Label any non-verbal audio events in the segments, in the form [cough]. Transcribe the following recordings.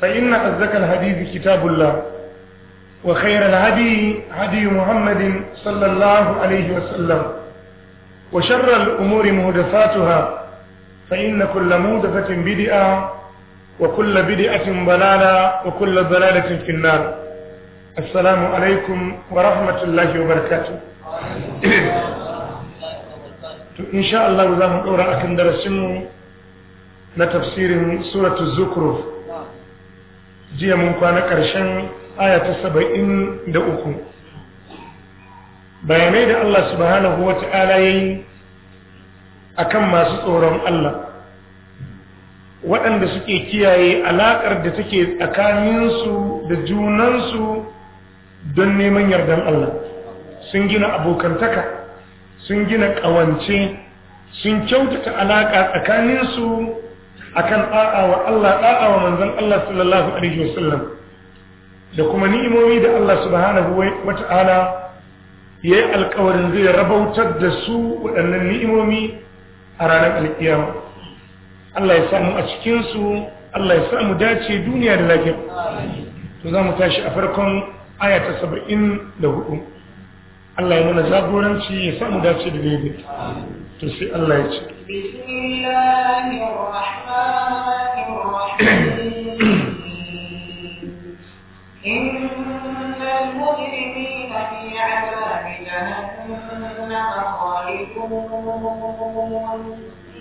فإن أزكى الحديث كتاب الله وخير الهدي هدي محمد صلى الله عليه وسلم وشر الأمور مهدفاتها فإن كل مهدفة بدئة وكل بدئة ضلالة وكل ضلالة في النار السلام عليكم ورحمة الله وبركاته إن شاء الله وزاهم أورا ɗora akan darasinmu na jiya mun kwana ƙarshen aya ta saba'in da uku bayanai da Allah subhanahu wa ta'ala ya yi a kan masu tsoron Allah waɗanda suke kiyaye alaƙar da take tsakaninsu da junansu don neman yardan Allah sun gina abokantaka sun gina ƙawance sun kyautata alaƙa tsakaninsu akan da'a wa Allah da'a wa manzon Allah sallallahu alaihi wasallam da kuma ni'imomi da Allah subhanahu wa ta'ala ya yi alkawarin zai rabautar da su waɗannan ni'imomi a ranar alkiyama Allah ya samu a cikinsu Allah ya samu dace duniya da lafiya to za mu tashi a farkon aya ta saba'in da hudu الله يمنى جابورانشي يسامو داشي بنيدي تسي الله يشي بسم الله الرحمن الرحيم إن المجرمين في عذاب جهنم خالدون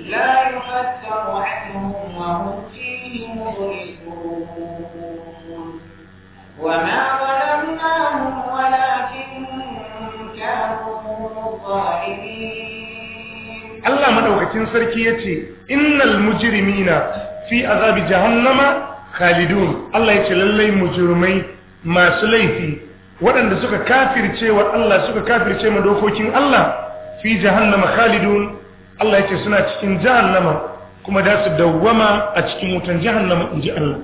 لا يفتر عنهم وهم فيه مظلمون وما ظلمناهم ولكن Allah madaukakin sarki ya yace innal na, fi azabi jahannama khalidun Allah ya ce lallai mujirmai masu laifi waɗanda suka kafirce wa Allah suka kafirce ma dokokin Allah fi jahannama khalidun Allah ya ce suna cikin jahannama kuma da su dawwama a cikin wutan jahannama in ji Allah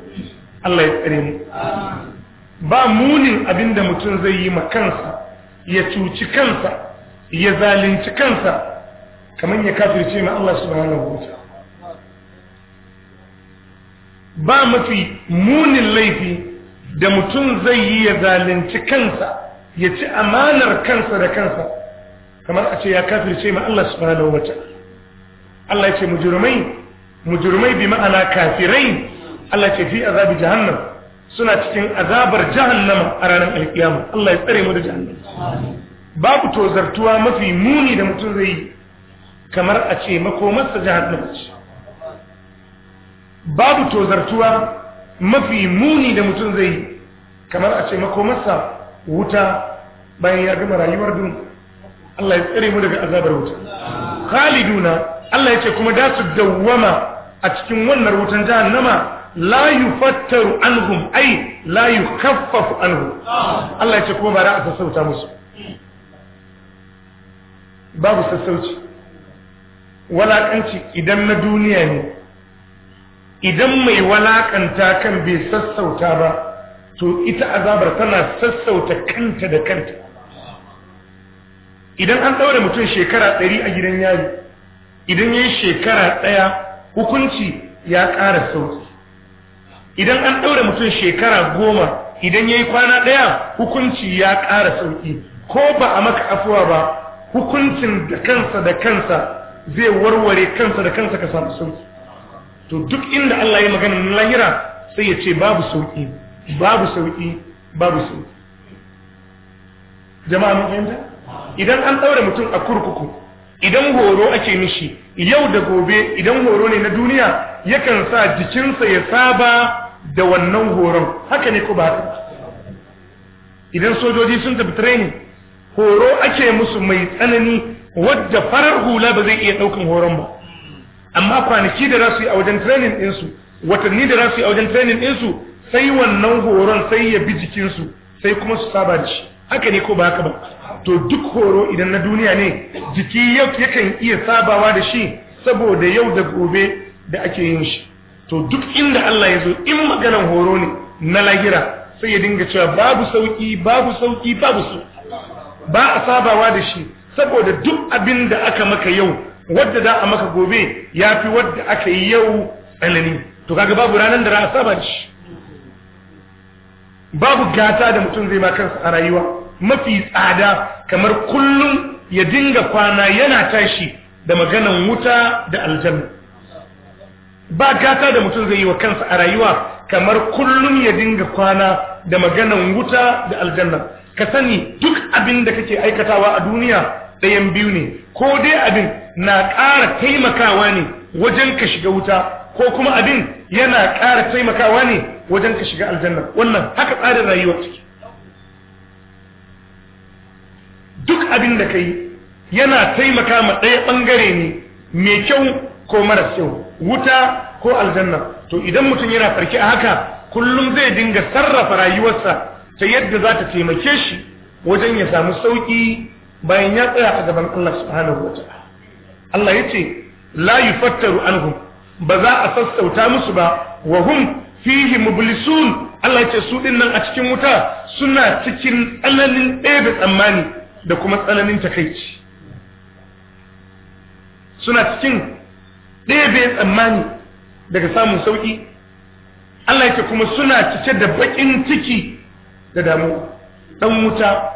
Allah ya tsare mu ba munin abinda mutum zai yi ma kansa ya cuci kansa ya zalunci kansa kamar ya kafirce ma Allah subhanahu wa ta'ala ba mafi munin laifi da mutum zai yi ya zalunci kansa ya ci amanar kansa da kansa kamar a ce ya kafirce ma Allah subhanahu wa ta'ala Allah ya ce mujrimai mujrimai bi ma'ana kafirai Allah ya ce fi azabi jahannam suna cikin azabar jahannama a ranar alkiyama Allah ya tsare mu da jahannama babu tozartuwa mafi muni da mutum zai yi kamar a ce makomarsa jahannama ce babu tozartuwa mafi muni da mutum zai yi kamar a ce makomarsa wuta bayan ya gama rayuwar dun Allah ya tsare mu daga azabar wuta khaliduna Allah ya ce kuma da su dawwama a cikin wannan wutan jahannama la yufattaru anhum ai la yukaffafu anhum Allah ya ce kuma ba za a sassauta musu babu sassauci Walaƙanci idan na duniya ne idan mai walaƙanta kan bai sassauta ba to ita azabar tana sassauta kanta da kanta idan an daure mutum shekara 100 a gidan yari idan yayin shekara ɗaya, hukunci ya ƙara sauki idan an ɗaure mutum shekara goma idan ya yi kwana ɗaya hukunci ya ƙara sauƙi ko ba a maka afuwa ba hukuncin da kansa da kansa zai warware kansa da kansa ka samu sauƙi to duk inda Allah ya magana na lahira sai ya ce babu sauƙi babu sauƙi babu sauƙi jama'a mun fahimta idan an ɗaure mutum a kurkuku idan horo ake mishi yau da gobe idan horo ne na duniya yakan sa jikinsa ya saba da wannan horon haka ne ko ba haka idan sojoji sun tafi training horo ake musu mai tsanani wadda farar hula ba zai iya ɗaukan horon ba amma kwanaki da za su yi a wajen training ɗinsu watanni da za su yi a wajen training ɗinsu sai wannan horon sai ya bi jikinsu sai kuma su saba da shi haka ne ko ba haka ba to duk horo idan na duniya ne jiki yakan iya sabawa da shi saboda yau da gobe da ake yin shi to duk inda Allah ya zo in maganan horo ne na lahira sai ya dinga cewa babu sauki babu sauki babu su ba a sabawa da shi saboda duk abin da aka maka yau wadda za a maka gobe ya fi wadda aka yi yau tsanani to kaga babu ranar da ra'a saba shi babu gata da mutum zai makarsa a rayuwa mafi tsada kamar kullum ya dinga kwana yana tashi da maganan wuta da aljanna ba gata da mutum zai yi wa kansa a rayuwa kamar kullum ya dinga kwana da maganan wuta da aljanna ka sani duk abin da kake aikatawa a duniya ɗayan biyu ne ko dai abin na ƙara taimakawa ne wajen ka shiga wuta ko kuma abin yana ƙara taimakawa ne wajen ka shiga aljanna wannan haka tsarin rayuwar ciki duk abin da ka yi yana taimaka ma ɗaya ɓangare ne mai kyau ko maras kyau wuta ko aljanna to idan mutum yana farki a haka kullum zai dinga sarrafa rayuwarsa ta yadda za ta taimake shi wajen ya samu sauki bayan ya tsaya a gaban Allah subhanahu wataala Allah yace la yufattaru anhum ba za a sassauta musu ba wa hum fihi mublisun Allah yace su din nan a cikin wuta suna cikin tsananin ɗaya tsammani da kuma tsananin takaici suna cikin ɗaya tsammani daga samun sauƙi Allah yake kuma suna cike da baƙin ciki da damu ɗan wuta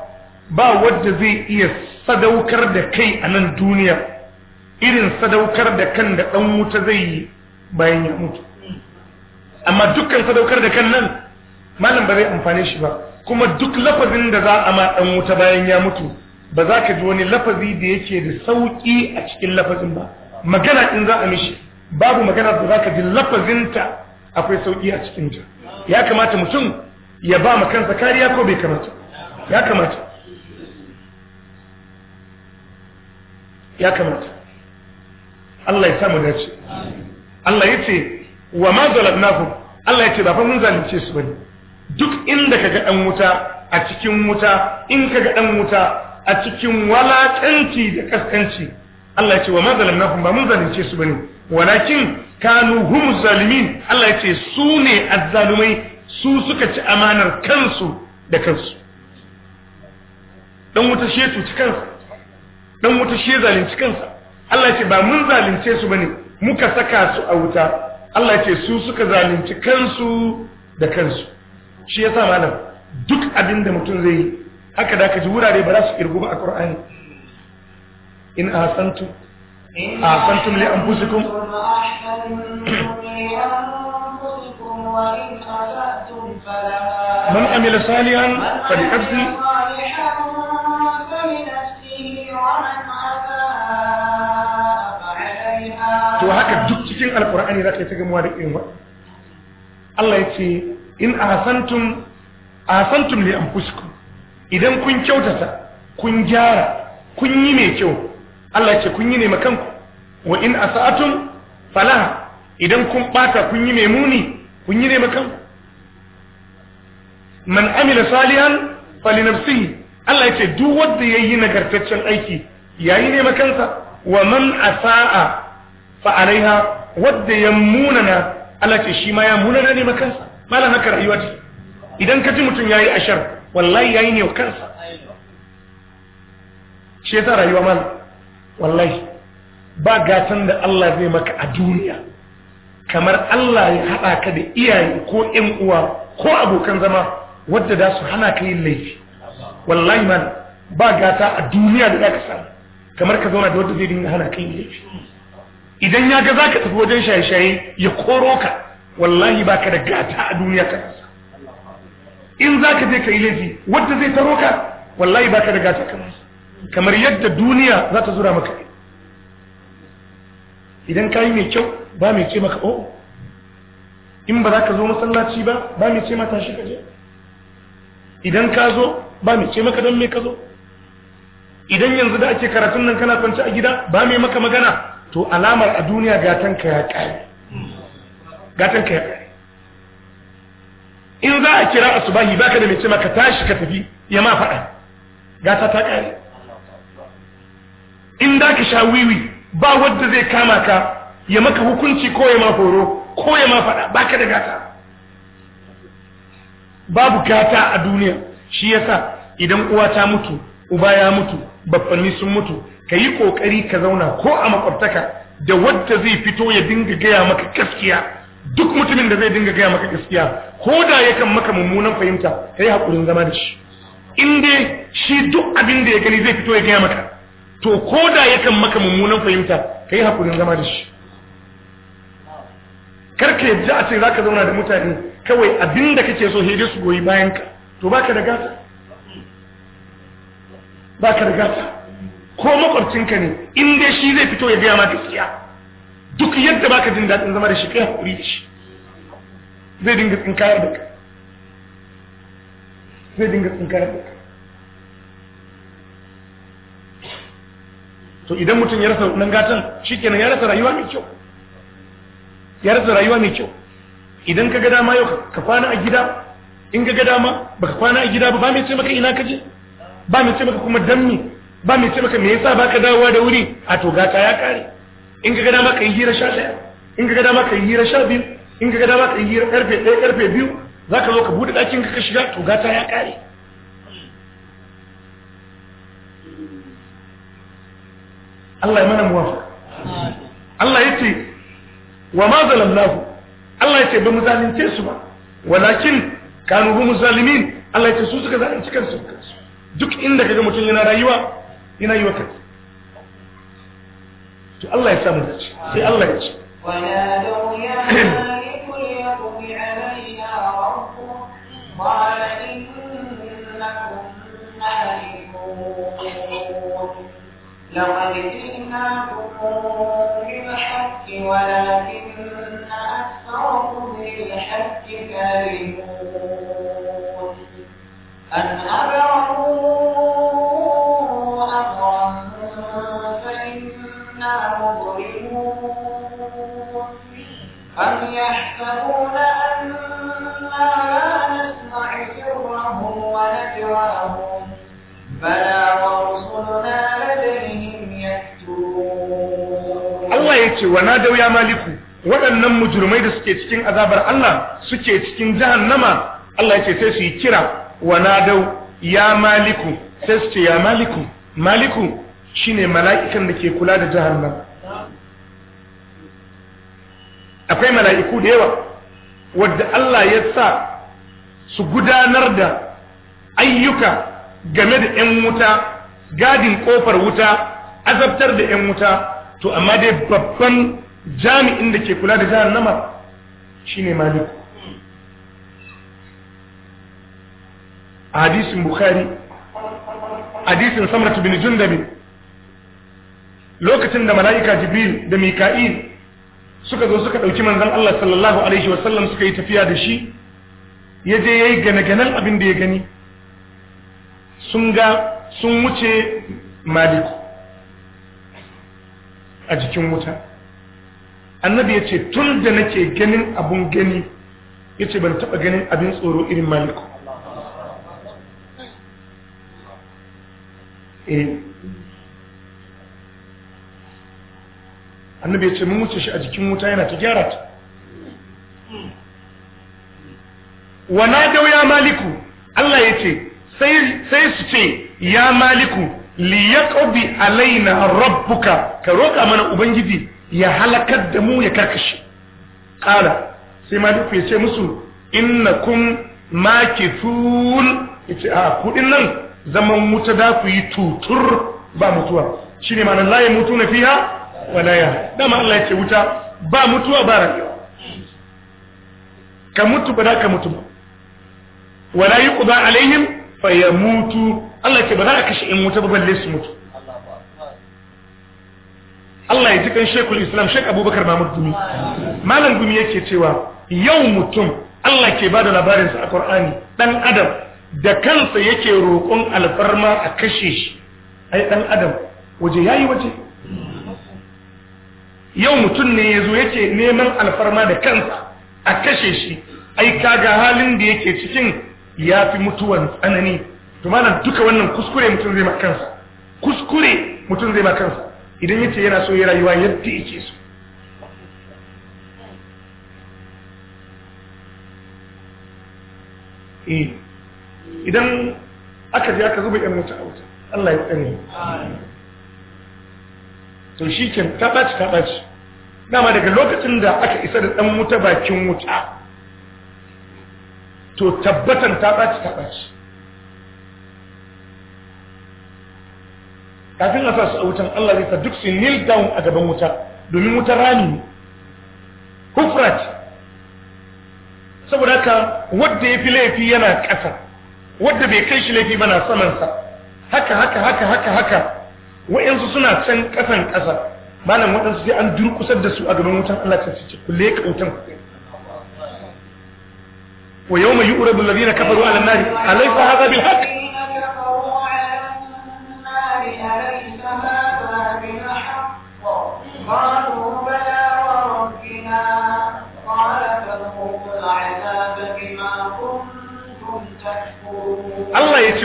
ba wadda zai iya sadaukar da kai a nan duniya irin sadaukar da kan da ɗan wuta zai yi bayan ya mutu amma dukkan sadaukar da kan nan malam ba zai amfane shi ba kuma duk lafazin da za a ma ɗan wuta bayan ya mutu ba za ka ji wani lafazi da yake da sauƙi a cikin lafazin ba magana in za a mishi babu magana da ka ji lafazinta akwai sauki a cikin ta ya kamata mutum ya ba ma kansa kariya ko bai kamata ya kamata ya kamata Allah ya samu dace Allah ya ce wa ma zalabnahu Allah ya ce ba fa mun zalunce su bane duk inda kaga dan wuta a cikin wuta in kaga dan wuta a cikin walakanci da kaskanci Allah ya ce wa mazalamnahum ba mun zalunce su bane walakin kanu hum zalimin Allah ya ce su ne azzalumai su suka ci amanar kansu da kansu dan wuta shi tuci kansa dan wuta shi zalunci kansa Allah ya ce ba mun zalunce su bane muka saka su a wuta Allah ya ce su suka zalunci kansu da kansu shi yasa malam duk abin da mutum zai yi haka da ka ji wurare ba za su kirgo ba a Qur'ani إن أحسنتم أحسنتم لأنفسكم من عمل صالحا فلنفسه to haka duk cikin alkur'ani za yi ta gamuwa da irin Allah ya ce in ahsantum ahsantum li anfusikum idan kun kyautata kun gyara kun yi mai kyau Allah ya ce kun yi ne makanku wa in asa'atum falaha idan kun bata kun yi memuni kun yi ne makanku man amila salihan falinafsihi Allah ya ce duk wanda yayi nagartaccen aiki yayi ne makansa wa man asa'a fa alaiha wanda ya munana Allah ce shi ma ya munana ne makansa malan haka rayuwa ce idan ka ji mutum yayi ashar wallahi yayi ne kansa shi ya sa rayuwa malam wallahi ba gatan da Allah zai maka a duniya kamar Allah ya haɗa ka da iyaye ko ƴan uwa ko abokan zama wadda da su hana ka yin laifi wallahi man ba gata a duniya da zaka samu kamar ka zauna da wadda zai dinga hana ka yin laifi idan ya ga zaka tafi wajen shaye-shaye ya koro ka wallahi ba ka da gata a duniya ka in zaka je ka yi laifi wadda zai taro ka wallahi ba ka da gata kamar kamar yadda duniya za ta zura maka idan ka yi mai kyau ba mai ce maka o oh. in ba za ka zo masallaci ba ba mai ce mata shi kaje idan ka zo ba mai ce maka don mai ka zo idan yanzu da ake karatun nan kana kwanci a gida ba mai maka magana to alamar a duniya gatanka ya kare gatanka ya kare in za a kira asubahi baka da mai ce maka tashi ka tafi ya ma faɗa gata ta kare in da ka sha wiwi ba wadda zai kama ka ya maka hukunci ko ya ma horo ko ya ma faɗa ka da gata babu gata a duniya shi yasa idan uwa ta mutu uba ya mutu babbanni sun mutu ka yi ƙoƙari ka zauna ko a makwabtaka da wadda zai fito ya dinga gaya maka gaskiya duk mutumin da zai dinga gaya maka gaskiya ko da yakan maka mummunan fahimta ka yi haƙurin zama da shi in dai shi duk abin da ya gani zai fito ya gaya maka to koda yakan maka mummunan fahimta kai haƙurin zama da shi karka yadda a ce za ka zauna da mutane kawai abinda kake so hede su goyi bayan ka to baka da gata baka da gata ko makwabcinka ne inda shi zai fito ya gaya ma gaskiya duk yadda baka jin daɗin zama da shi kai hakuri da shi zai dinga tsinkayar da ka zai dinga tsinkayar da ka to idan mutum ya rasa nan gatan shikenan ya rasa rayuwa mai kyau ya rasa rayuwa mai kyau idan ka ga dama yau ka kwana a gida in ka ga dama baka kwana a gida ba ba mai ce maka ina kaje ba mai ce maka kuma danni ba mai ce maka me yasa baka dawowa da wuri a to gata ya kare in ka ga dama ka yi hira sha daya in ka ga dama ka yi hira sha biyu in ka ga dama ka yi hira karfe ɗaya karfe biyu zaka zo ka buɗe dakin ka ka shiga to gata ya kare الله يمنى موافق الله يتي وما ظلمناه الله يتي بمظالمين تيسوا ولكن كانوا بمظالمين الله يتي سوزك ذلك كان سوزك دك إنك إذا متلنا رأيوا إنا يوكت الله يسام سي الله يتي ونادوا يا مالك ليقوم علينا ربه قال إنكم لقد جئناكم بالحق ولكن أكثركم للحق كارهون أن أبرموا أمرا فإنا مظلمون أم يحسبون أنا لا نسمع سرهم ونجواهم بلى ce wa na dauya maliku waɗannan mujurmai da suke cikin azabar Allah suke cikin jahannama Allah ce sai su yi kira wa dau ya maliku sai su ce ya maliku maliku shine mala'ikan da ke kula da jahannama akwai mala'iku da yawa wadda Allah ya sa su gudanar da ayyuka game da ‘yan wuta, gadin ƙofar wuta, azabtar da ‘yan wuta, to amma dai babban jami'in da ke kula da jahannama shine Malik. a hadisin bukhari hadisin samrat bin jundabi lokacin da mala'ika jibril da mika'il suka zo suka dauki manzon Allah sallallahu alaihi wasallam suka yi tafiya da shi ya je yayi gane-ganen abin da ya gani sun ga sun wuce maliku a jikin wuta annabi ya ce tun da nake ganin abun gani ya ce ban taɓa ganin abin tsoro irin maliku eh. annabi ya ce mun wuce shi a jikin wuta yana ta gyara ta wana dau ya maliku Allah ya ce sai su ce ya maliku li alaina rabbuka ka roka mana ubangiji ya halakar da mu ya karkashe qala sai Malik ya ce musu innakum makithun yace a kudin nan zaman wuta da ku yi tutur ba mutuwa shine ma la ya mutu na fiha wala ya dama Allah ya ce wuta ba mutuwa ba rayuwa ka mutu ba da ka mutu ba wala yuqda alaihim fayamutu Allah ce ba za a kashe in wuta ba balle su mutu Allah ya ji kan Sheikhul Islam Sheikh Abubakar Mahmud Gumi Malam Gumi yake cewa yau mutum Allah ke bada labarinsa a Qur'ani dan Adam da kansa yake roƙon alfarma a kashe shi ai dan Adam waje yayi waje yau mutum ne yazo yake neman alfarma da kansa a kashe shi ai kaga halin da yake cikin ya fi mutuwan tsanani to malam duka wannan kuskure mutum zai makansa kuskure mutum zai makansa idan yace yana so ya rayuwa yadda yake so eh. idan aka ji aka zuba yan wuta a wuta Allah ya tsare to shi ke ta ɓaci dama daga lokacin da aka isa da ɗan wuta bakin wuta to tabbatan ta ɓaci kafin a sasu a wutan Allah zai sa duk su kneel down a gaban wuta domin wuta rami hufrat saboda ka wadda ya fi laifi yana ƙasa wadda bai kai shi laifi bana samansa haka haka haka haka haka wa'yansu suna can ƙasan ƙasa malam waɗansu sai an durƙusar da su a gaban wutan Allah ta ce ku leƙa wutan wa yawma yu'radu alladhina kafaru ala an-nari alaysa hadha bil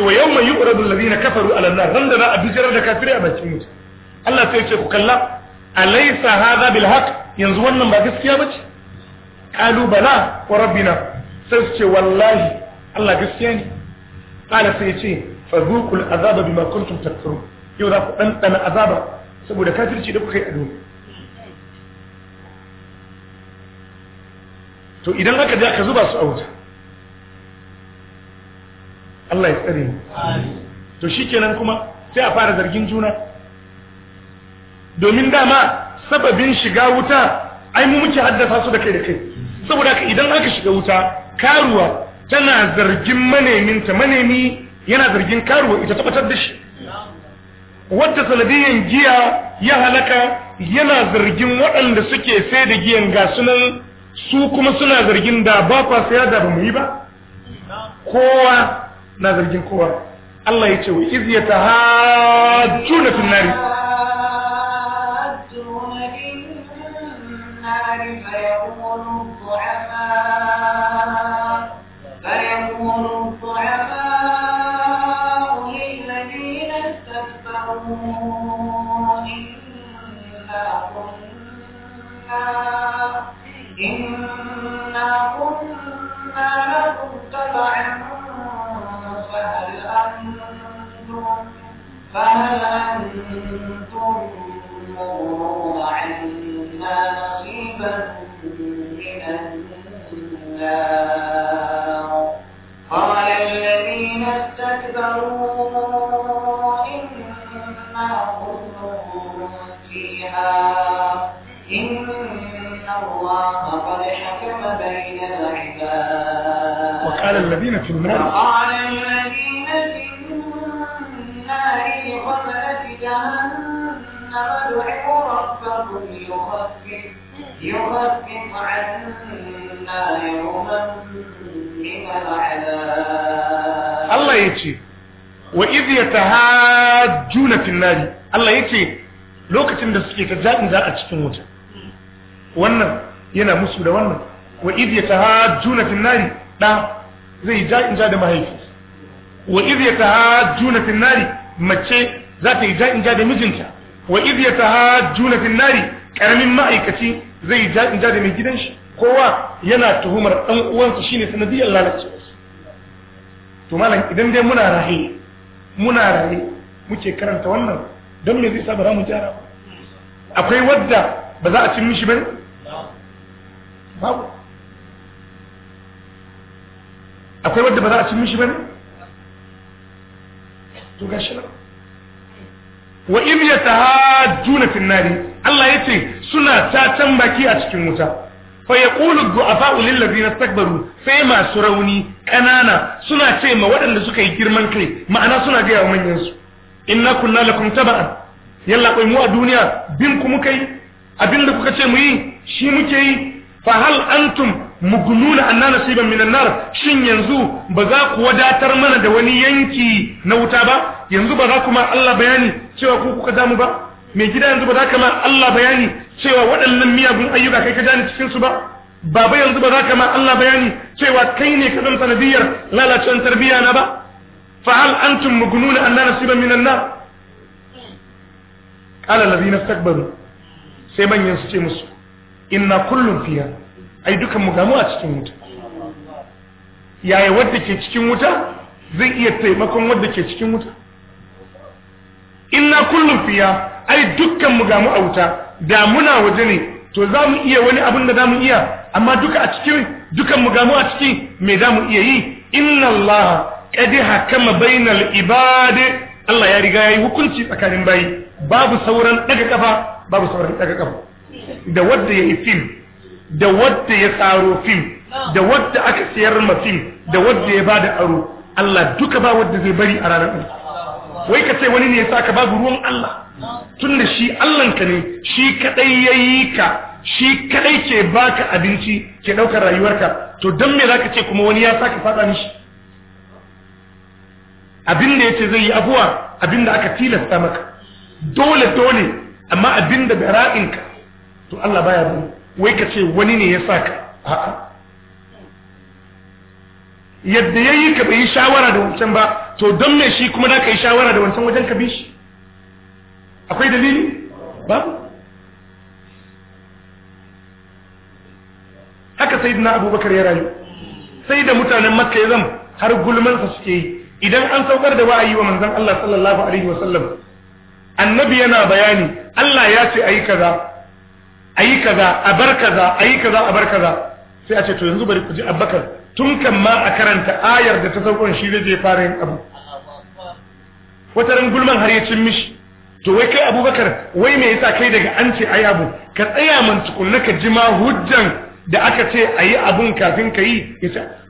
wa yawma yu'radu alladhina kafaru ala an-nar ran da za a bijirar da kafiri a bakin mutu. Allah sai ya ce ku kalla alaysa hadha bil haqq yanzu wannan ba gaskiya bace qalu bala wa rabbina sai su ce wallahi Allah gaskiya ne qala sai ya ce fadhuqul azaba bima kuntum takfurun yau za ku ɗanɗana azaba saboda kafirci da kuka yi a duniya to idan aka ja ka zuba su a wuta Allah ya tsare ni to shikenan kuma sai a fara zargin juna domin dama sababin shiga wuta ai mu muke haddasa su da kai da kai saboda ka idan aka shiga wuta karuwa tana zargin maneminta manemi yana zargin karuwa ita tabbatar da shi wata sanadiyan giya ya halaka yana zargin waɗanda suke sai da giyan ga sunan su kuma suna zargin da ba kwa saya da ba mu yi ba kowa na zargin kowa Allah ya ce wa iz yatahajjuna fin nari فيقول الضعفاء فهل أنتم مغنون عنا نصيبا من النار قال الذين استكبروا إنا كل فيها إن الله قد حكم بين العباد وقال الذين في النار يخفف يخفف عنا يوما من العذاب الله يجي وإذ يتهاجون في النار الله يجي lokacin da suke ta zaɓin za a cikin wuta wannan yana musu da wannan wa iz yatahajjuna fi nari ɗa zai ja'in ja da mahaifi wa iz yatahajjuna fi nari mace za ta yi ja'in ja da mijinta wa iz yatahajjuna fil nari karamin ma'aikaci zai ja inja da mai gidan shi kowa yana tuhumar dan uwansa shine sanadiyar lalace. to malam idan dai muna rahe muna rahe muke karanta wannan don me zai sa bara mu jara akwai wadda ba za a cin mishi bane babu akwai wadda ba za a cin mishi bane to gashi nan wa in yatahajjuna fin finnari Allah ya ce suna tacan baki a cikin wuta fa yaqulu du'afa'u labi na istakbaru sai masu rauni ƙanana suna ce ma waɗanda suka yi girman kai ma'ana suna ga manyan su inna kunna lakum tab'an yalla kai mu a duniya bin ku muka yi abinda kuka ce mu yi shi muke yi fa hal antum mugununa anna nasiban minan nar shin yanzu ba za ku wadatar mana da wani yanki na wuta ba yanzu ba za kuma Allah bayani cewa ku kuka damu ba mai gida yanzu ba za ka ma Allah bayani cewa waɗannan miyagun ayyuka kai ka jani cikin su ba baba yanzu ba za ka ma Allah bayani cewa kai ne ka zama sanadiyar lalacewar tarbiyya na ba fa hal antum mugununa an la nasiban minan ƙala qala na istakbaru sai manyan su ce musu inna kullum fiya ai dukan mu gamu a cikin wuta yaya wadda ke cikin wuta zai iya taimakon wadda ke cikin wuta inna kullum fiya ai dukkan mu ga mu a wuta da muna waje ne to za mu iya wani abin da za mu iya amma duka a cikin dukan mu ga mu a ciki me za mu iya yi inna Allah qad hakama bainal ibad Allah ya riga yayi hukunci tsakanin bayi babu sauran daga kafa babu sauran daga kafa da wanda yayi fim da wanda ya tsaro fim da wanda aka sayar ma fim da wanda ya bada aro Allah duka ba wanda zai bari a ranar wai ka ce wani ne ya saka babu ruwan Allah tunda shi Allahnka ne shi kadai yayi ka shi kadai ke baka abinci ke daukar rayuwarka to dan me zaka ce kuma wani ya saka fada mishi abin da ce zai yi abuwa abin da aka tilasta maka dole dole amma abin da bara'inka to Allah baya bu wai ka ce wani ne ya saka a'a yadda yayi ka bai shawara da wancan ba to don me shi kuma da ka yi shawara da wancan wajen ka bi shi akwai dalili ba? haka sai abubakar ya rayu sai da mutanen makka ya zama har gulmansa suke yi idan an saukar da wa'ayi wa manzon Allah sallallahu alaihi wasallam annabi yana bayani Allah ya ce ayi kaza ayi kaza a bar kaza yi kaza a bar kaza sai a ce to yanzu bari ku ji abubakar tun kan ma a karanta ayar da ta saukon shi da zai fara yin abu wata ran gulman har ya cin mishi to wai kai abubakar wai me yasa kai daga an ce ayi abu ka tsaya man tukunna ka jima hujjan da aka ce ayi abun kafin ka yi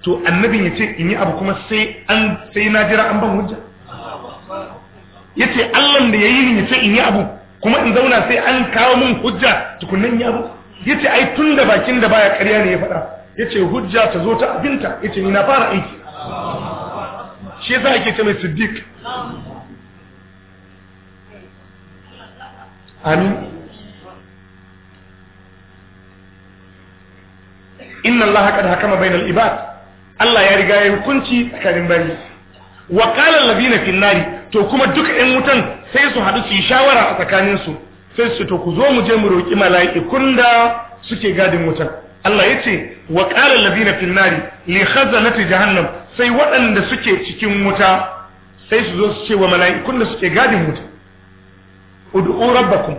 to annabin ya ce in yi abu kuma sai an sai na jira an ban hujja Ya ce Allah da ya yi ni ce in yi abu kuma in zauna sai an kawo min hujja in yi abu Ya ce ai tun da bakin da baya ƙarya ne ya faɗa yace hujja ta zo ta abinta yace ni na fara aiki shi yasa yake ce mai siddiq amin inna allaha qad hakama bainal ibad Allah ya riga ya hukunci tsakanin bayi wa qala allazina fin nari to kuma duka yan wutan sai su haɗu su shawara a tsakaninsu sai su to ku zo mu je mu roƙi mala'ikun da suke gadin wutan Allah ya ce wa ƙarar labina finnari li khazanati jahannam sai waɗanda suke cikin wuta sai su zo su ce wa mala'ikun da suke gadin wuta ud'u rabbakum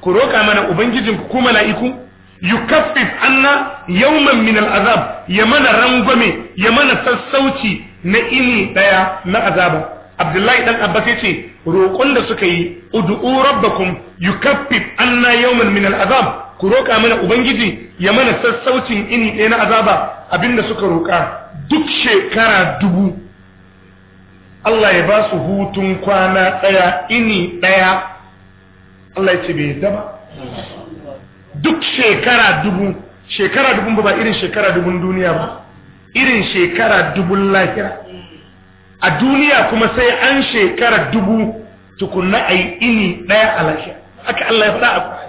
ku roƙa mana ubangijinku ku mala'iku yukaffif anna yawman min al'azab ya mana rangwame ya mana sassauci na ini ɗaya na azaba abdullahi ɗan abbas yace roƙon da suka yi ud'u rabbakum yukaffif anna yawman min al'azab ku roƙa mana ubangiji ya mana sassaucin ini ɗaya na azaba abinda suka roƙa duk shekara dubu Allah ya ba su hutun kwana ɗaya ini ɗaya Allah ya ce bai yadda ba duk shekara dubu shekara dubun ba irin shekara dubun duniya ba irin shekara dubun lahira a duniya kuma sai an shekara dubu tukunna a yi ini ɗaya a lahira Allah ya faɗa a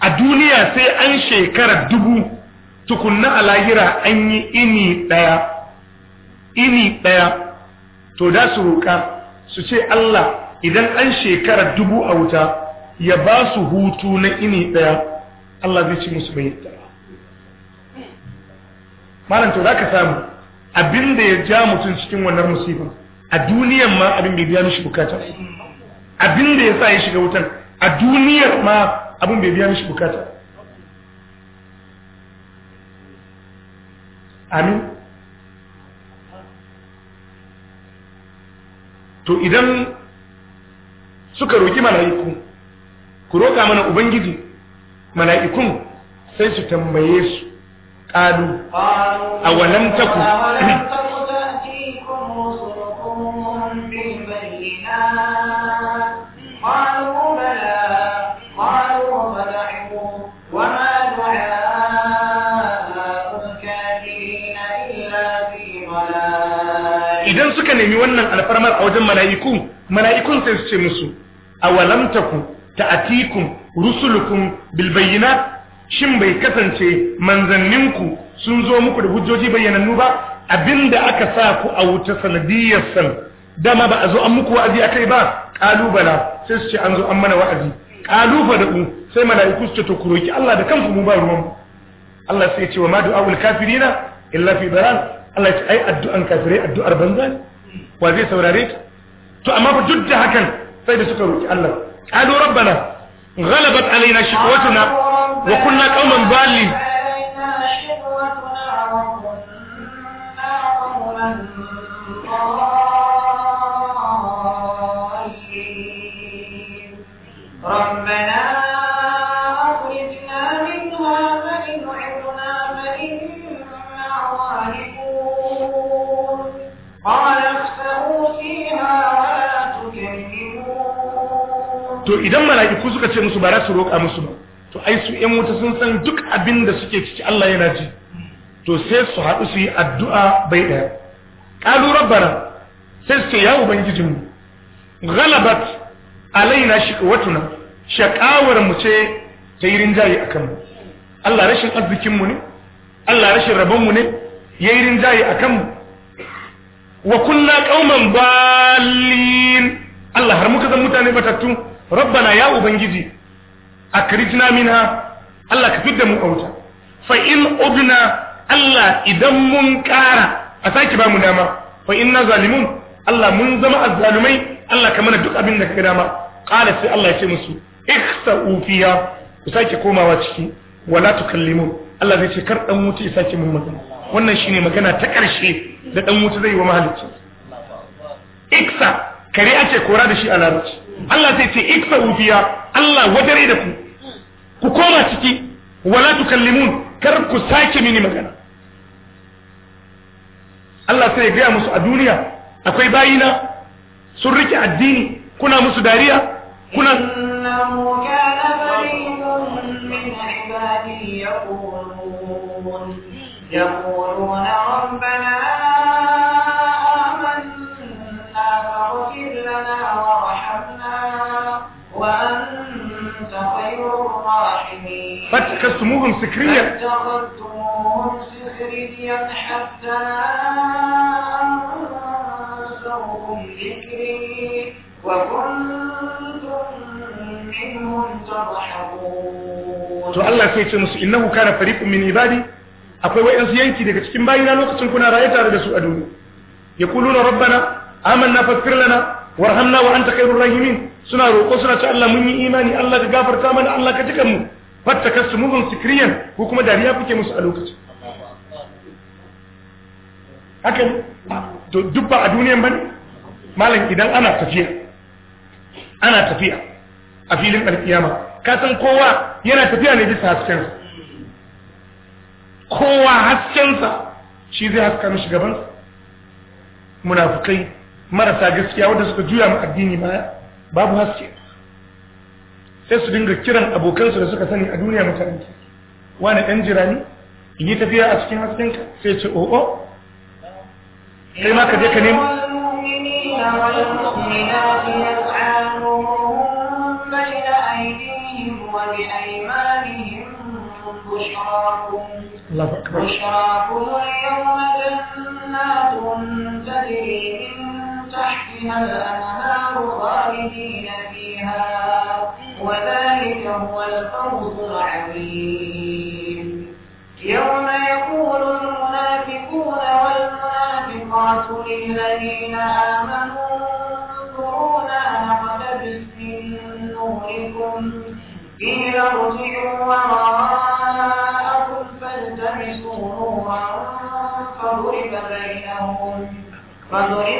a duniya sai an shekara dubu tukunna a lahira an yi ini ɗaya ini ɗaya to da su roƙa su ce Allah idan an shekara dubu a wuta ya ba su hutu na ini ɗaya Allah zai ci musu bai ɗaya malam to da ka samu abin da ya ja mutum cikin wannan musibar a duniyan ma abin bai biya mishi bukata abin da ya sa ya shiga wutan a duniyar ma abin bai biya mishi bukata amin to idan suka roƙi mala'iku ku roƙa mana ubangiji mala'ikun sai su tambaye su ƙalu a walam taku wannan alfarmar a wajen mala'iku mala'ikun sai su ce musu awalamtaku taku ta'atikum rusulukum bil bayyinat shin bai kasance manzanninku sun zo muku da hujjoji bayyanannu ba abinda aka sa ku a wuta sanadiyar san dama ba a zo an muku wa'azi akai ba kalubala sai su ce an zo an mana wa'azi kalufa da ku sai mala'iku su ce to ku roki Allah da kanku mu ba ruwan Allah sai ya ce wa ma du'aul kafirina illa fi dalal Allah ya ce ai addu'an kafirai addu'ar banza ne wa zai saurare ta to amma fa duk da hakan sai da suka roki Allah qalu rabbana ghalabat alaina shiqwatuna wa kunna qauman dhalin ربنا to idan mala'iku suka ce musu ba za su roƙa musu ba to ai su ƴan wuta sun san duk abin da suke ciki Allah yana ji to sai su haɗu su yi addu'a bai ɗaya ƙalu rabbana sai su ce ya ubangijinmu ghalabat alaina watuna shaƙawar mu ce ta yi rinjaye akan mu Allah rashin arzikin mu ne Allah rashin rabon mu ne yi rinjaye akan mu wa kunna ƙauman ballin Allah har muka zan mutane batattu rabbana ya ubangiji akrijna mina, Allah ka fidda mu auta fa in udna Allah idan mun kara a saki ba mu dama fa inna zalimun Allah mun zama azzalumai Allah ka mana duk abin da kaga dama qala sai Allah ya ce musu ikhsa'u fiya ku sake komawa ciki wala tukallimun Allah zai ce kar dan wuta ya sake mun magana wannan shine magana ta karshe da dan wuta zai yi wa mahalicci iksa kare ake kora da shi a larabci Allah zai ce ikfa'u biya Allah wadare da ku ku koma ciki wala tukallimun kar ku sake mini magana Allah sai ya gaya musu a duniya akwai bayina sun rike addini kuna musu dariya kuna يقولون ربنا فاتخذتموهم سكريا فاتخذتموهم سكريا حتى أنسوكم ذكري وكنتم منهم تضحكون تو الله سيتي مس إنه كان فريق من عبادي akwai wayansu yanki daga cikin bayina lokacin kuna raye tare da su a duniya yaquluna rabbana amanna faghfir lana warhamna wa anta khairur rahimin suna roƙo suna ce Allah mun yi imani Allah ka gafarta mana Allah ka tukan mu su muhun sikiriyan ko kuma dariya kuke musu a lokacin haka duk ba a duniyan bane malam idan ana tafiya ana tafiya a filin alkiyama ka san kowa yana tafiya ne bisa haskensa kowa haskensa shi zai haska mishi gaban munafukai marasa gaskiya wadda suka juya mu addini baya babu haske sai su dinga kiran abokansu da suka sani a duniya mutane wani ɗan jirani yi tafiya a cikin haskenka sai ce o'o oh, oh. sai ma ka je ka nemi. بشراكم اليوم جنات تجري من تحتها الأنهار خالدين فيها وذلك هو الفوز العظيم يوم يقول المنافقون والمنافقات للذين آمنوا انظرونا نقتبس من نوركم قيل ارجعوا وراءكم فالتمسوا نورا فضرب بينهم فضرب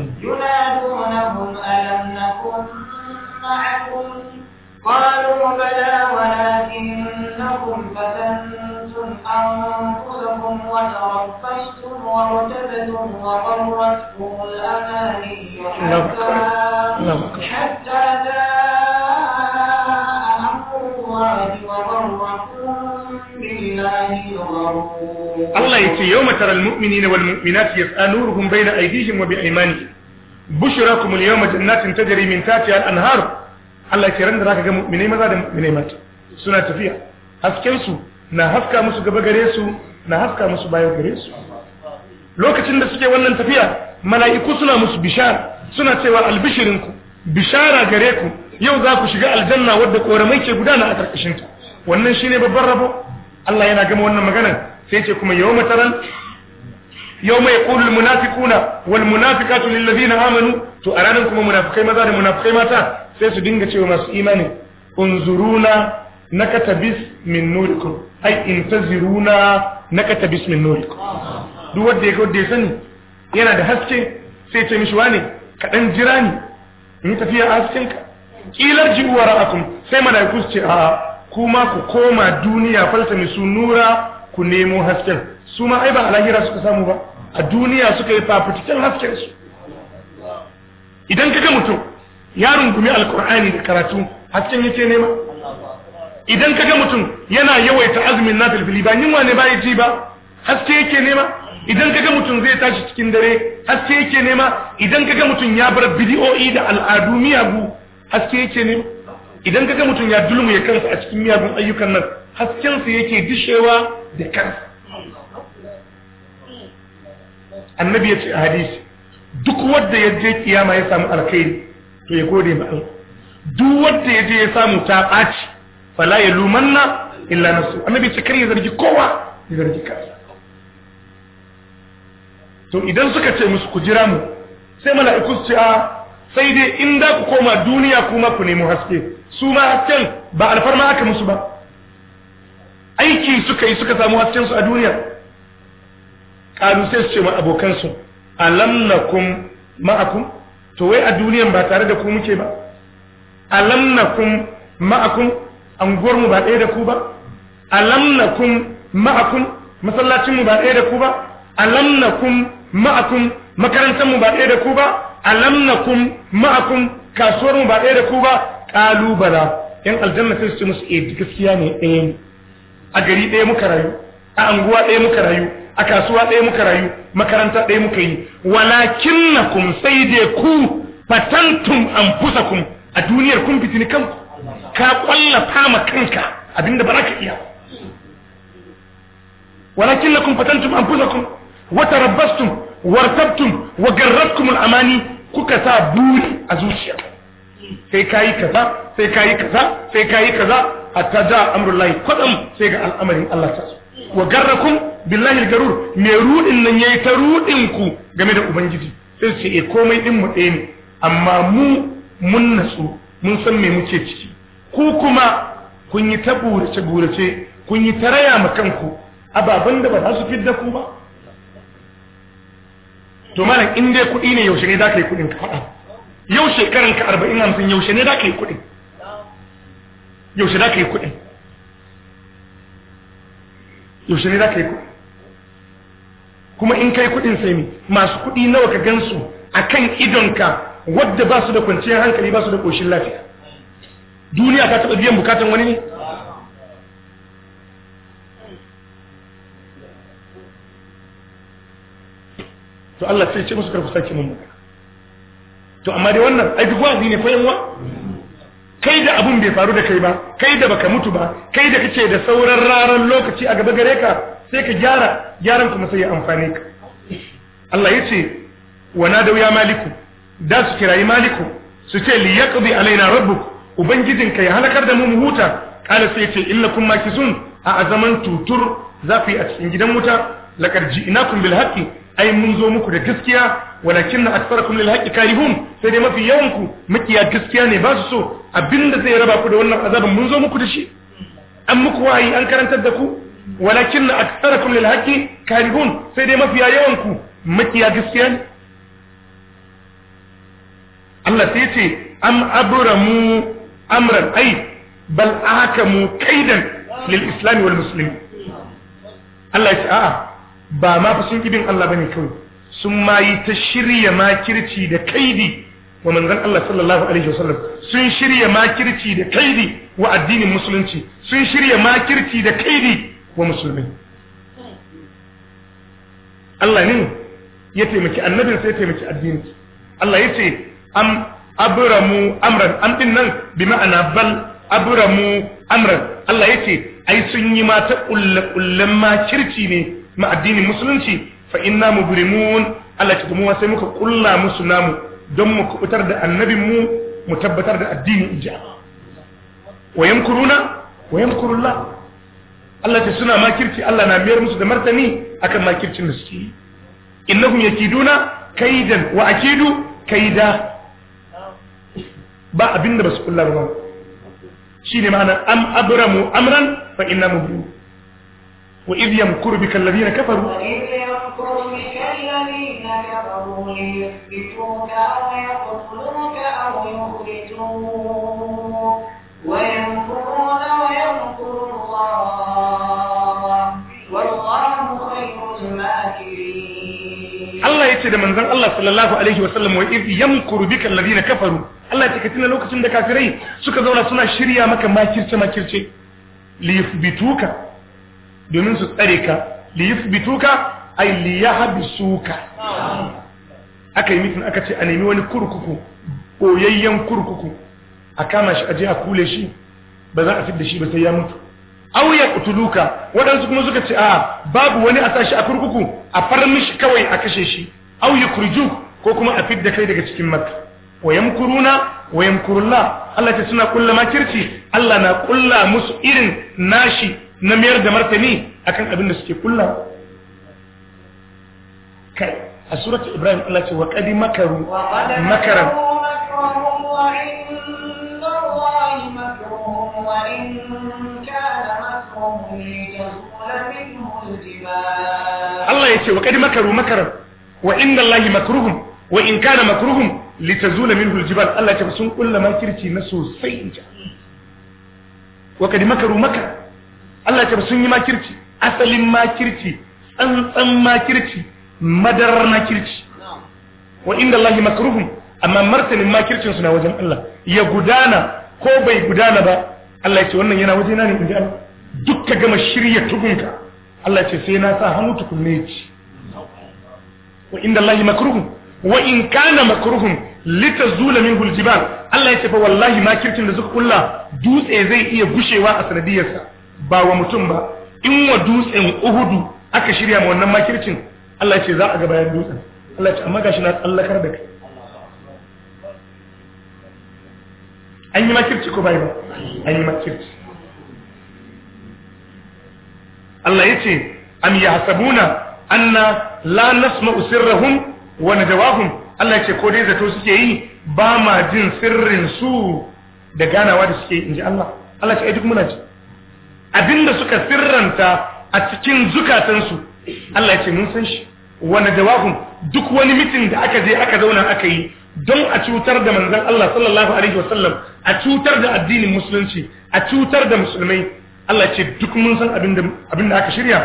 وترى المؤمنين والمؤمنات يسعى نورهم بين أيديهم وبأيمانهم بشراكم اليوم جنات تجري من تحتها الأنهار الله يكرم ذاك مؤمنين ماذا مؤمنين مات سنة تفيا haskensu na haska musu gaba gare su na haska musu baya gare su lokacin da suke wannan tafiya mala'iku suna musu bishara suna cewa albishirinku bishara gare ku yau za ku shiga aljanna wadda koramai ke gudana a karkashinta wannan shine babban rabo Allah yana gama wannan maganar sai ce kuma yau mataran Yau mai yawma yaqulu almunafiquna walmunafiqatu na amanu to a ranar kuma munafikai maza da munafikai mata sai su dinga cewa masu imani unzuruna nakatabis min nurikum ai intaziruna nakatabis min nurikum duk wanda ya gode sani yana da haske sai ce mishi wane ka dan jira ni in tafiya haskenka kilar ji wara'akum sai malaiku su ce a'a kuma ku koma duniya falta mai su nura ku nemo hasken su ma ai ba a lahira suka samu ba a duniya suka yi fafutukan hasken su idan ga mutum ya rungumi alkur'ani da karatu hasken yake nema idan ka ga mutum yana yawaita azumin nafil fili ba yin wane ba ya ji ba haske yake nema idan ka ga mutum zai tashi cikin dare haske yake nema idan ka ga mutum ya bar bidiyo'i da al'adu miyagu haske yake nema idan ka ga mutum ya dulmu ya kansa a cikin miyagun ayyukan nan haskensa yake dishewa da kansa annabi ya ce a hadisi duk wadda ya je kiyama ya samu alkhairi to ya gode ma Allah duk wadda ya je ya samu ta ɓaci fala ya lumanna illa nasu annabi ya ce kar ya zargi kowa ya zargi kansa to idan suka ce musu ku jira mu sai mala'iku su ce a sai dai in da ku koma duniya kuma ku nemi haske su ma hasken ba alfarma aka musu ba aiki suka yi suka samu hasken su a duniya kalu sai su ce ma abokansu alam nakum ma'akum to wai a duniyan ba tare da ku muke ba alam nakum ma'akum anguwar mu ba ɗaya da ku ba alam nakum ma'akum masallacin mu ba ɗaya da ku ba alam nakum ma'akum makarantar mu ba ɗaya da ku ba alam nakum ma'akum kasuwar mu ba ɗaya da ku ba kalu bala yan aljanna sai su ce musu eh gaskiya ne ɗaya a gari ɗaya muka rayu a anguwa ɗaya muka rayu a kasuwa ɗaya muka rayu makaranta ɗaya muka yi na kun sai dai ku fatantum kun a duniyar kun fitini kanku ka kwallafa ma kanka abinda ba za ka iya na walakinnakum fatantum anfusakum wa tarabbastum wartabtum wa garratkum al-amani kuka sa buri a zuciya sai ka yi kaza sai ka yi kaza sai ka yi kaza hatta da amrullahi kwadam sai ga al'amarin Allah ta wa garrakum billahi garur me rudin nan yayi ta rudin ku game da ubangiji sai ce eh komai din mu ɗaya ne amma mu mun natsu mun san me muke ciki ku kuma kun yi ta burace burace kun yi ta raya ma kanku ababan da ba za su fidda ku ba to malam in dai kuɗi ne yaushe ne za ka yi kuɗin ka faɗa yau shekaranka arba'in hamsin yaushe ne za ka yi kuɗin yaushe za ka yi kuɗin yaushe ne za ka yi kuɗi kuma in kai kuɗin sai mi masu kuɗi nawa ka gansu a kan idonka wadda ba su da kwanciyar hankali ba su da ƙoshin lafiya duniya ta taɓa biyan bukatan wani ne to Allah sai ce musu karku sake mun magana to amma dai wannan ai duk wa'azi ne fa wa. kai da abun bai faru da kai ba kai da baka mutu ba kai da kace da sauran raran lokaci a gaba gare ka sai ka gyara gyaran kuma sai ya amfane ka Allah yace wa nadaw ya maliku da su kirayi maliku su ce li yaqdi alaina rabbuk ubangijinka ya halakar da mu mu huta kala sai ce maki sun a azaman tutur zafi a cikin gidan wuta laqad ji'nakum bil haqqi ai mun zo muku da gaskiya walakin aktsarakum lil haqqi karihun sai dai mafi yawanku ku makiya gaskiya ne ba su so abinda zai raba ku da wannan azabin mun zo muku da shi an muku wayi an karantar da ku walakin aktsarakum lil haqqi karihun sai dai mafi yawanku ku makiya gaskiya ne Allah sai ce am abramu amran ai bal mu kaidan lil islam wal muslimin Allah ya ce a'a ba ma fa sun ibin Allah bane kawai sun ma yi ta shirya makirci da kaidi wa manzon Allah sallallahu alaihi wasallam sun shirya makirci da kaidi wa addinin musulunci sun shirya makirci da kaidi wa musulmi Allah ne ya taimaki annabin sai ya taimaki addinin Allah ya ce am abramu amran an din nan bi ma'ana bal abramu amran Allah ya ce ai sun yi mata kullu kullun makirci ne ma addinin musulunci fa inna mubrimun Allah ce kuma sai muka kulla musu namu don mu kubutar da annabin mu mu tabbatar da addinin inji wa yamkuruna wa yamkurullah Allah ce suna makirci Allah na biyar musu da martani akan makircin da suke yi innahum yakiduna kaidan wa akidu kaida ba abinda basu kulla ba shine ma'ana am abramu amran fa inna mubrimun وإذ يمكر بك الذين كفروا Allah ya ce da manzan Allah sallallahu Alaihi wasallam wa iri yamkuru bika lalari na kafaru Allah ya ce katina lokacin da kafirai suka zauna suna shirya maka makirce makirce liyafi bituka domin su tsare ka li yuthbituka ay li yahbisuka aka yi mitin aka ce a nemi wani kurkuku boyayyen kurkuku a kama shi aje a kule shi ba za a fidda shi ba sai ya mutu aw ya qutuluka wadansu kuma suka ce a babu wani a sashi a kurkuku a far mishi kawai a kashe shi aw yukhrijuk ko kuma a fidda kai daga cikin makka wayamkuruna wayamkurullah Allah ta suna kullama kirci Allah na kulla musu irin nashi na mayar da martani akan abin da suke kulla kai a surat ibrahim Allah ce wa qadi makaru makaran Allah ya ce wa qadi makaru makaran wa inna Allah makruhum wa in kana makruhum litazula minhu aljibal Allah ya ce sun kulla makirci na sosai inja wa qadi makaru makaran Allah ce sun yi makirci asalin makirci tsantsan makirci madarar makirci wa inda Allah yi makruhum amma martanin makircin suna wajen Allah ya gudana ko bai gudana ba Allah ya ce wannan yana wajena ne inda Allah duk ka gama shirya tugunka Allah ce sai na sa hannu tukunne ci wa inda Allah yi makruhum wa in kana makruhum litazula minhu aljibal Allah ya ce fa wallahi makircin da suka kulla dutse zai iya gushewa a sanadiyarsa ba wa mutum ba in wa dutsen uhudu aka shirya ma wannan makircin Allah ce za a ga bayan dutsen Allah ce amma gashi na tsallakar da kai an yi makirci ko bai ba an yi makirci Allah ya ce am hasabuna anna la nasma'u sirrahum wa najawahum Allah ya ce ko dai zato suke yi ba ma jin sirrin su da ganawa da suke yi inji Allah Allah ce ai duk muna ji abinda suka sirranta a cikin zukatansu Allah ce mun san shi wani jawabin duk wani mitin da aka je aka zauna aka yi don a cutar da manzan Allah sallallahu alaihi wasallam a cutar da addinin musulunci a cutar da musulmai Allah ce duk mun san abin da aka shirya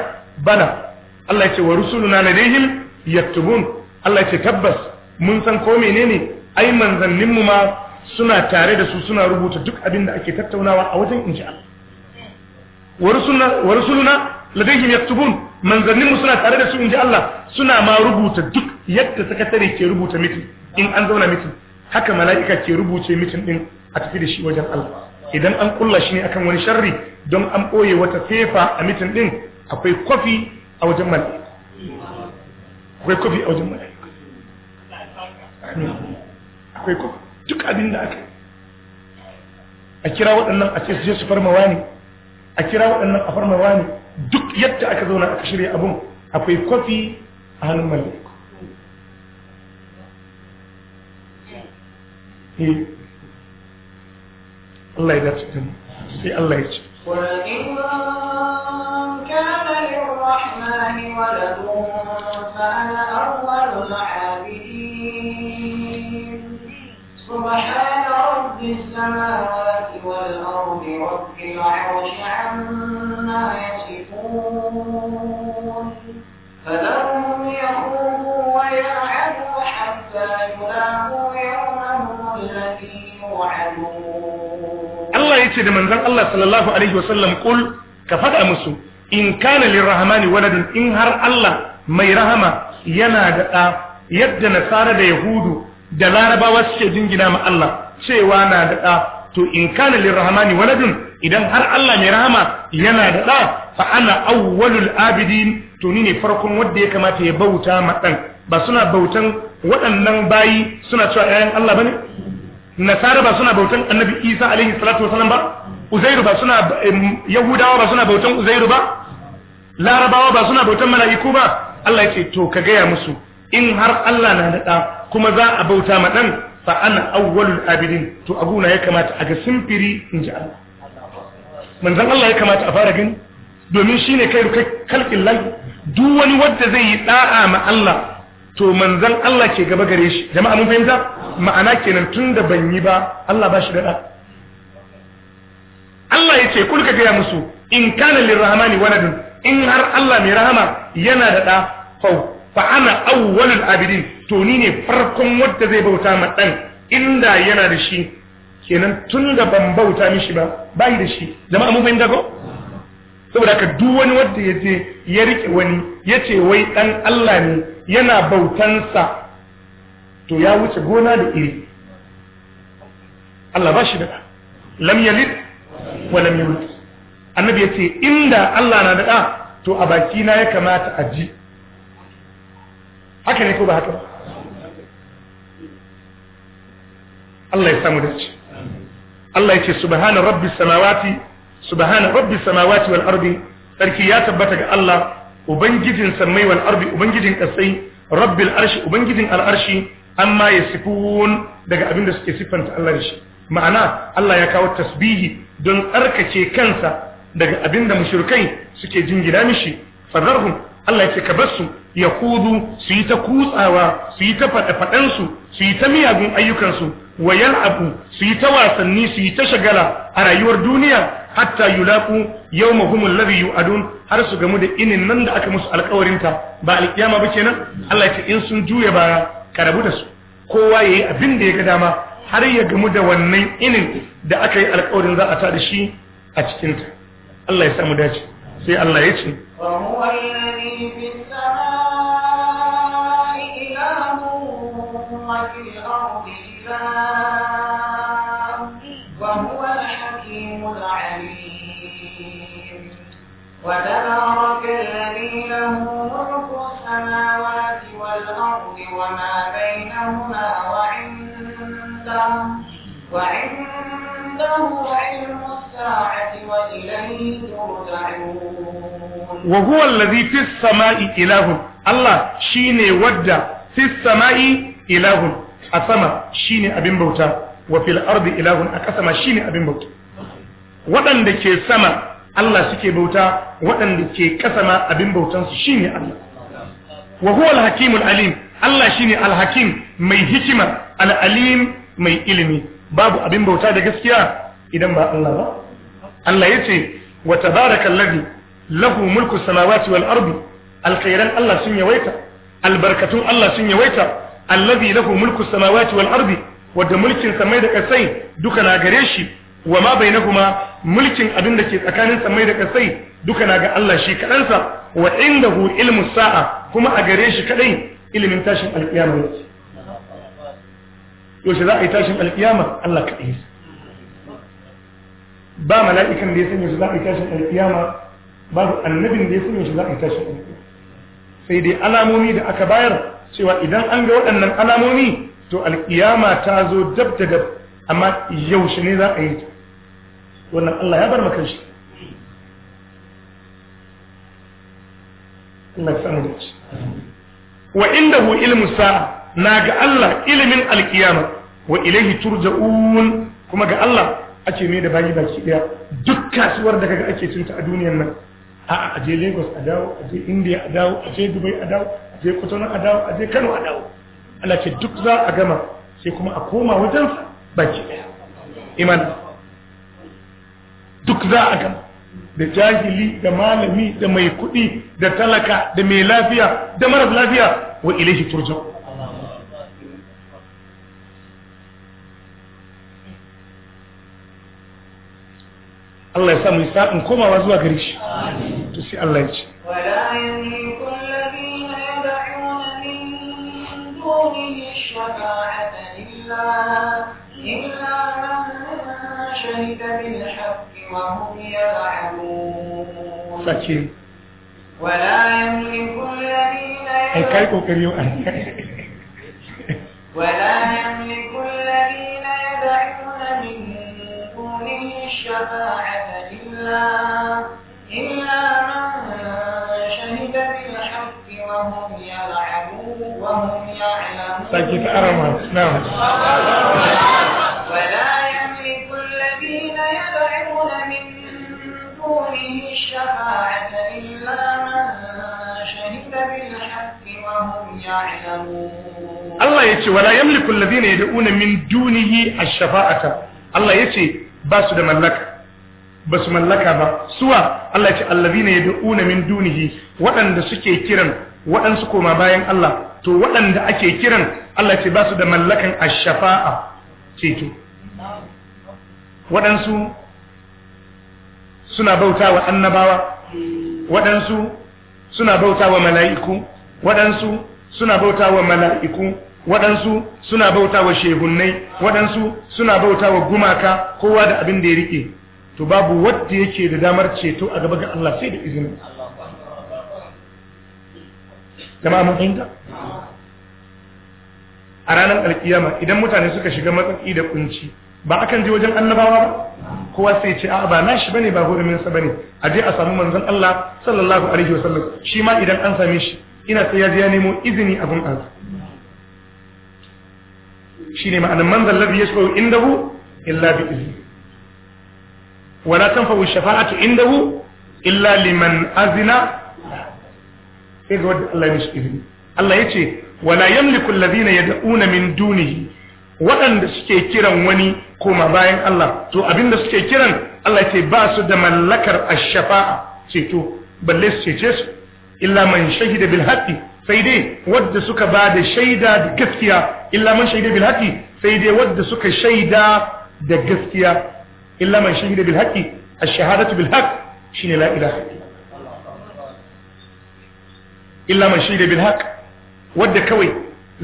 bala Allah ce wa rusuluna ladaihim yattubun. Allah ce tabbas mun san ko menene ai manzanninmu ma suna tare da su suna rubuta duk abin da ake tattaunawa a wajen insha Allah wa rusuluna ladaihim yaktubun manzannin mu suna tare da su inji Allah suna ma rubuta duk yadda sakatare ke rubuta mitin in an zauna mitin haka mala'ika ke rubuce mitin din a tafi da shi wajen Allah idan an kulla shi ne akan wani sharri don an boye wata fefa a mitin din akwai kofi a wajen mala'ika akwai kofi a wajen mala'ika akwai kofi duk abin da aka a kira waɗannan a ce su je su farma wani a kira waɗannan a farma wani duk yadda aka zauna aka shirya abun akwai kwafi a hannun mala'iku الله يدرسكم في الله يجب قل إن كان للرحمن ولد رب السماوات والأرض رب العرش عما يصفون فذرهم يخوضوا ويلعبوا حتى يلاقوا يومهم الذي يوعدون الله يتشهد من ذن الله صلى الله عليه وسلم قل كفاك أمسو in kana lirrahmani waladun in har Allah mai rahama yana da ɗa yadda nasara da yahudu da larabawa suke jingina ma Allah cewa na da ɗa to in kana lirrahmani waladun idan har Allah mai rahama yana da ɗa fa ana awwalul abidin to ni ne farkon wanda ya kamata ya bauta ma ɗan ba suna bautan waɗannan bayi suna cewa ƴaƴan Allah bane nasara ba suna bautan annabi Isa alaihi salatu wasallam ba uzairu ba suna yahudawa ba suna bautan uzairu ba larabawa ba suna bautan mala'iku ba Allah ya ce to ka gaya musu in har Allah na da kuma za a bauta ma ɗan fa ana awwalul abidin to abuna ya kamata a ga simfiri in Allah manzon Allah ya kamata a fara gani domin shine kai ruka kalkin lai duk wani wanda zai yi da'a ma Allah to manzon Allah ke gaba gare shi jama'a mun fahimta ma'ana kenan tunda ban yi ba Allah ba shi da'a Allah ya ce kulka gaya musu in kana lirrahmani waladun in har Allah mai rahama yana da da fau fa ana awwalul abidin to ni ne farkon wanda zai bauta ma dan inda yana da shi kenan tun ban bauta mishi ba bai da shi jama'a mun fahimta ko saboda haka duk wani wanda ya je ya rike wani ya ce wai dan Allah ne yana bautan sa, to ya wuce gona da iri Allah ba shi da lam yalid wa lam yulad annabi ya ce inda Allah na da to a baki na ya kamata a ji haka ne ko ba haka Allah ya samu dace Allah yake subhana rabbis samawati subhana rabbis samawati wal ardi sarki ya tabbata ga Allah ubangijin samai wal ardi ubangijin kasai rabbil arshi ubangijin al arshi amma yasifun daga abinda suke siffanta Allah da shi ma'ana Allah ya kawo tasbihi don tsarkake kansa daga abinda mushrikai suke jingina mishi fararhum Allah ya ce ka bar su ya kudu su yi ta kutsawa su yi ta faɗe-faɗensu su yi ta miyagun ayyukansu wa 'yan abu, su yi ta wasanni su yi ta shagala a rayuwar duniya hatta yulaku yawmahum alladhi adun har su gamu da inin nan da aka musu alkawarinta ba alƙiyama ba kenan Allah ya ce in sun juya baya ka rabu da su kowa ya yi abin da ya ga dama har ya gamu da wannan inin da aka yi alkawarin za a ta da shi a cikinta Allah ya samu dace sai Allah ya ce وهو الحكيم العليم وتبارك الذي له ملك السماوات والأرض وما بينهما وعنده وعنده عنده علم الساعة وإليه ترجعون وهو الذي في السماء إله الله شيني ودى في السماء إله أسمى شيني أبن بوتا وفي الأرض إله أكسمى شيني أبن بوتا وأن دكي سمى الله سكي بوتا وأن دكي كسمى أبن بوتا شيني الله وهو الحكيم العليم الله شيني الحكيم مي هكمة العليم مي إلمي babu abin bauta da gaskiya idan ba Allah ba Allah yace wa tabarakallazi lahu mulku samawati wal ardi alkhairan Allah sun yawaita albarkatun Allah sun yawaita allazi lahu mulku samawati wal ardi wadda mulkin samai da kasai duka na gare shi wa ma bainahuma mulkin abin da ke tsakanin samai da kasai duka na ga Allah shi kadansa wa indahu ilmu sa'a kuma a gare shi kadai ilimin tashin alkiyama yake yaushe za a yi tashin alkiyama Allah kaɗai ba mala'ikan da ya san yaushe za a yi tashin alkiyama babu annabin da ya san yaushe za a yi tashin alkiyama sai dai alamomi da aka bayar cewa idan an ga waɗannan alamomi to alkiyama ta zo dab da dab amma yaushe ne za a yi ta wannan Allah ya bar maka shi Allah ya samu wa indahu ilmu sa na ga Allah ilimin alkiyama wa ilaihi turja'un kuma ga Allah ake mai da bayi baki daya duk kasuwar da kaga ake ta a duniyar nan a a je Lagos a dawo a je India a dawo a je Dubai a dawo a je Kotonu a dawo a je Kano a dawo Allah ce duk za a gama sai kuma a koma wajen baki daya iman duk za a gama da jahili da malami da mai kuɗi da talaka da mai lafiya da marar lafiya wa ilaihi turja'un الله يسامح يسامح كما وزوا غريش تسي الله يجي ولا يملك الذين يدعون من دونه الشفاعة إلا إلا من شهد بالحق وهم يلعبون فكيل ولا يملك الذين يدعون أي كيف كريو أن [laughs] ولا يملك الذين يدعون من دونه الشفاعة إلا, إلا من شهد بالحق وهم يلعبون وهم يعلمون ولا يملك الذين يدعون من دونه الشفاعة إلا من شهد بالحق وهم يعلمون الله يتي ولا يملك الذين يدعون من دونه الشفاعة الله يتي ba su da mallaka ba su mallaka ba suwa Allah ce allazina yad'una min dunihi waɗanda suke kiran waɗansu koma bayan Allah to waɗanda ake kiran Allah ce ba su da mallakan ash-shafa'a to waɗansu suna bauta wa annabawa waɗansu suna bauta wa mala'iku waɗansu suna bauta wa mala'iku waɗansu suna bauta wa shehunnai waɗansu suna bauta wa gumaka kowa da abin da ya rike to babu wadda yake da damar ceto a gaba ga Allah sai da izinin jama'a mun fahimta a ranar alkiyama idan mutane suka shiga matsatsi da kunci ba akan je wajen annabawa ba kowa sai ce a ba nashi bane ba hurumin sa bane a je a samu manzon Allah sallallahu alaihi wasallam shi ma idan an same shi ina sai ya je ya nemo izini abun an shine ma'anar man zal ladhi yashfa'u indahu illa bi izni wa la tanfa'u shafa'atu indahu illa liman azina sai ga wanda Allah ya mishi izini Allah yace wala yamliku alladhina yad'una min dunihi waɗanda suke kiran wani koma bayan Allah to abinda suke kiran Allah ya ce ba su da mallakar ash-shafa'a ceto balle su ce su illa man shahida bil haqqi sai dai wadda suka ba da shaida da gaskiya illa man shaida bil haqi sai dai wadda suka shaida da gaskiya illa man shaida bil haqi ash-shahadatu bil haqq shine la ilaha illa man shaida bil haqq wadda kawai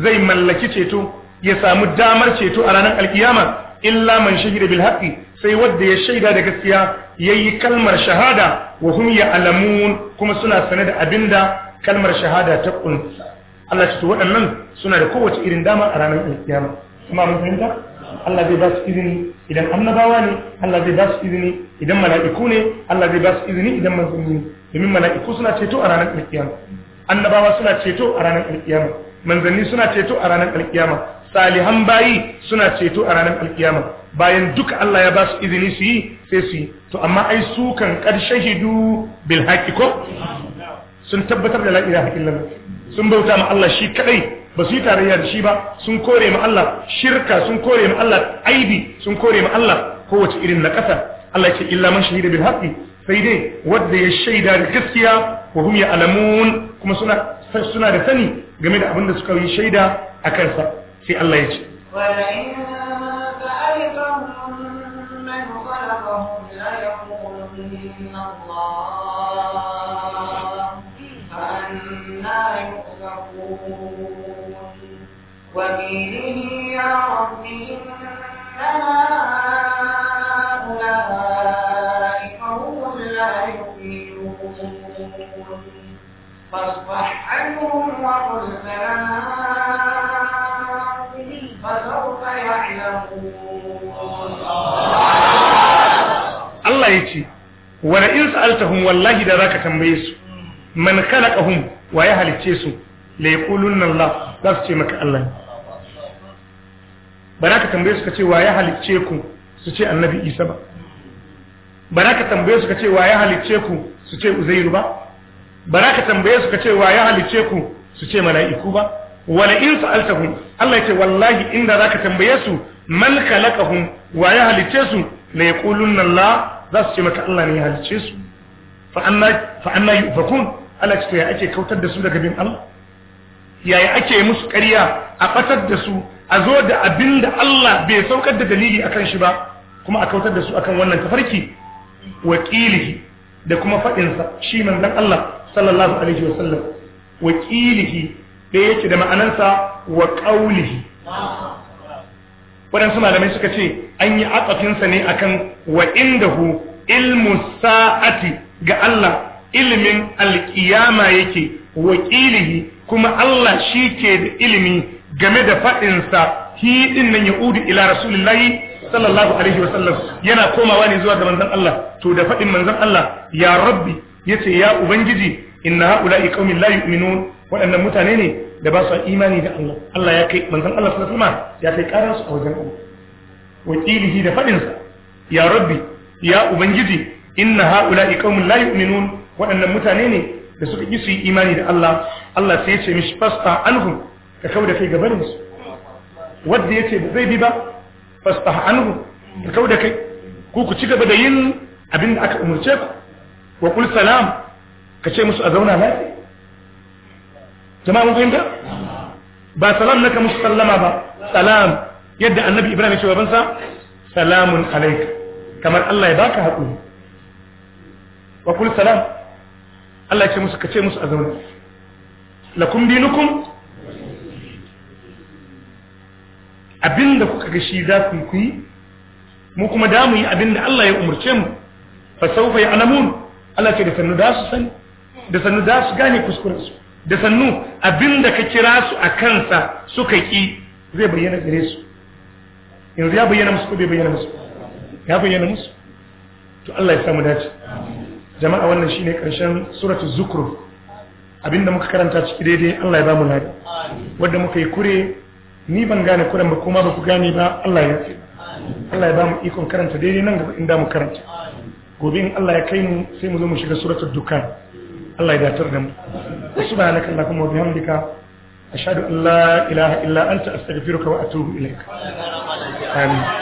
zai mallaki ceto ya samu damar ceto a ranar alkiyama illa man shaida bil haqi sai wadda ya shaida da gaskiya yayi kalmar shahada wa hum ya'lamun kuma suna sane da abinda kalmar shahada ta kunsa Allah ce to waɗannan suna da kowace irin dama a ranar alkiyama kuma mun fahimta Allah zai ba su izini idan annabawa ne Allah zai ba su izini idan mala'iku ne Allah zai ba su izini idan manzanni domin mala'iku suna ceto a ranar alkiyama annabawa suna ceto a ranar alkiyama manzanni suna ceto a ranar alkiyama salihan bayi suna ceto a ranar alkiyama bayan duka Allah ya ba su izini su yi sai su yi to amma ai su kan kar shahidu bil haqiqo sun tabbatar da la ilaha illallah sun bauta ma Allah shi kadai ba su yi tarayya da shi ba sun kore ma Allah shirka sun kore ma Allah aibi sun kore ma Allah kowace irin na kasa Allah ya ce illa man shahida bil haqqi sai dai wanda ya shaida da gaskiya wa hum ya'lamun kuma suna suna da sani game da abin da suka yi shaida a kansa sai Allah ya ce Allah فأنا يؤفكون ودينه يا رب إنما أولئك هم لا يؤمنون فاصفح عنهم وقل سلام فسوف يعلمون الله يجي ولئن سألتهم والله da zaka tambaye su man khalaqahum wa ya halicce su la yaqulunna Allah za su ce maka Allah baraka tambaye su ka ce wa ya halicce ku su ce annabi Isa ba baraka tambaye su ka ce wa ya halicce ku su ce Uzairu ba baraka tambaye su ka ce wa ya halicce ku su ce mala'iku ba wala in sa'altahum Allah ya ce wallahi inda zaka tambaye su man khalaqahum wa ya halicce su la yaqulunna Allah za su ce maka Allah ne ya halicce su fa anna fa anna yufakun Allah ya ake kautar da su daga bin Allah yaya ake musu ƙarya a fatar da su a zo da abin da Allah bai saukar da dalili akan shi ba kuma a kautar da su akan wannan tafarki wakilihi da kuma faɗinsa shi manzon Allah sallallahu alaihi wasallam wakilihi da yake da ma'anansa wa waɗansu malamai suka ce an yi akafinsa ne akan wa indahu ilmu sa'ati ga Allah ilimin alkiyama yake wakilihi kuma Allah shi ke da ilimi game da faɗinsa hi ɗin nan ya udu ila rasulillahi sallallahu alaihi wa sallam yana komawa ne zuwa ga manzon Allah to da faɗin manzon Allah ya rabbi yace ya ubangiji inna haula'i qaumin la yu'minun waɗannan mutane ne da ba su imani da Allah Allah ya kai manzon Allah sallallahu alaihi wasallam ya kai karar su a wajen Allah wakilihi da faɗinsa ya rabbi ya ubangiji inna haula'i qaumin la yu'minun waɗannan mutane ne da suka ƙi su yi imani da Allah Allah sai ya ce mishi fasta anhum ka kawo da kai ga barin su wanda ya ce ba zai bi ba fasta anhum ka kawo da kai ku ku ci gaba da yin abin da aka umurce ku wa kul salam ka ce musu a zauna lafiya jama'a mun fahimta ba salam naka musu sallama ba salam yadda annabi ibrahim ya ce babansa salamun alaika kamar Allah ya baka haƙuri wa kul salam Allah ce musu kace musu a zaune lakum dinukum abinda kuka ga shi za ku yi mu kuma da mu yi abinda Allah ya umurce mu fa sawfa alamun Allah ce da sannu da su sani da sannu da su gane kuskuren su da sannu abinda ka kira su a kansa suka ki zai bayyana gare su yanzu ya bayyana musu ko bai bayyana musu ya bayyana musu to Allah ya samu dace jama'a wannan shine karshen suratul zukhruf abinda muka karanta ciki daidai Allah ya bamu ladi wanda muka yi kure ni ban gane kuren ba kuma ba ku gane ba Allah ya ce Allah ya bamu ikon karanta daidai nan gaba inda mu karanta gobe in Allah ya kai mu sai mu zo mu shiga suratul dukkan Allah ya datar da mu subhanaka allahumma wa bihamdika ashhadu an la ilaha illa anta astaghfiruka wa atubu ilaik amin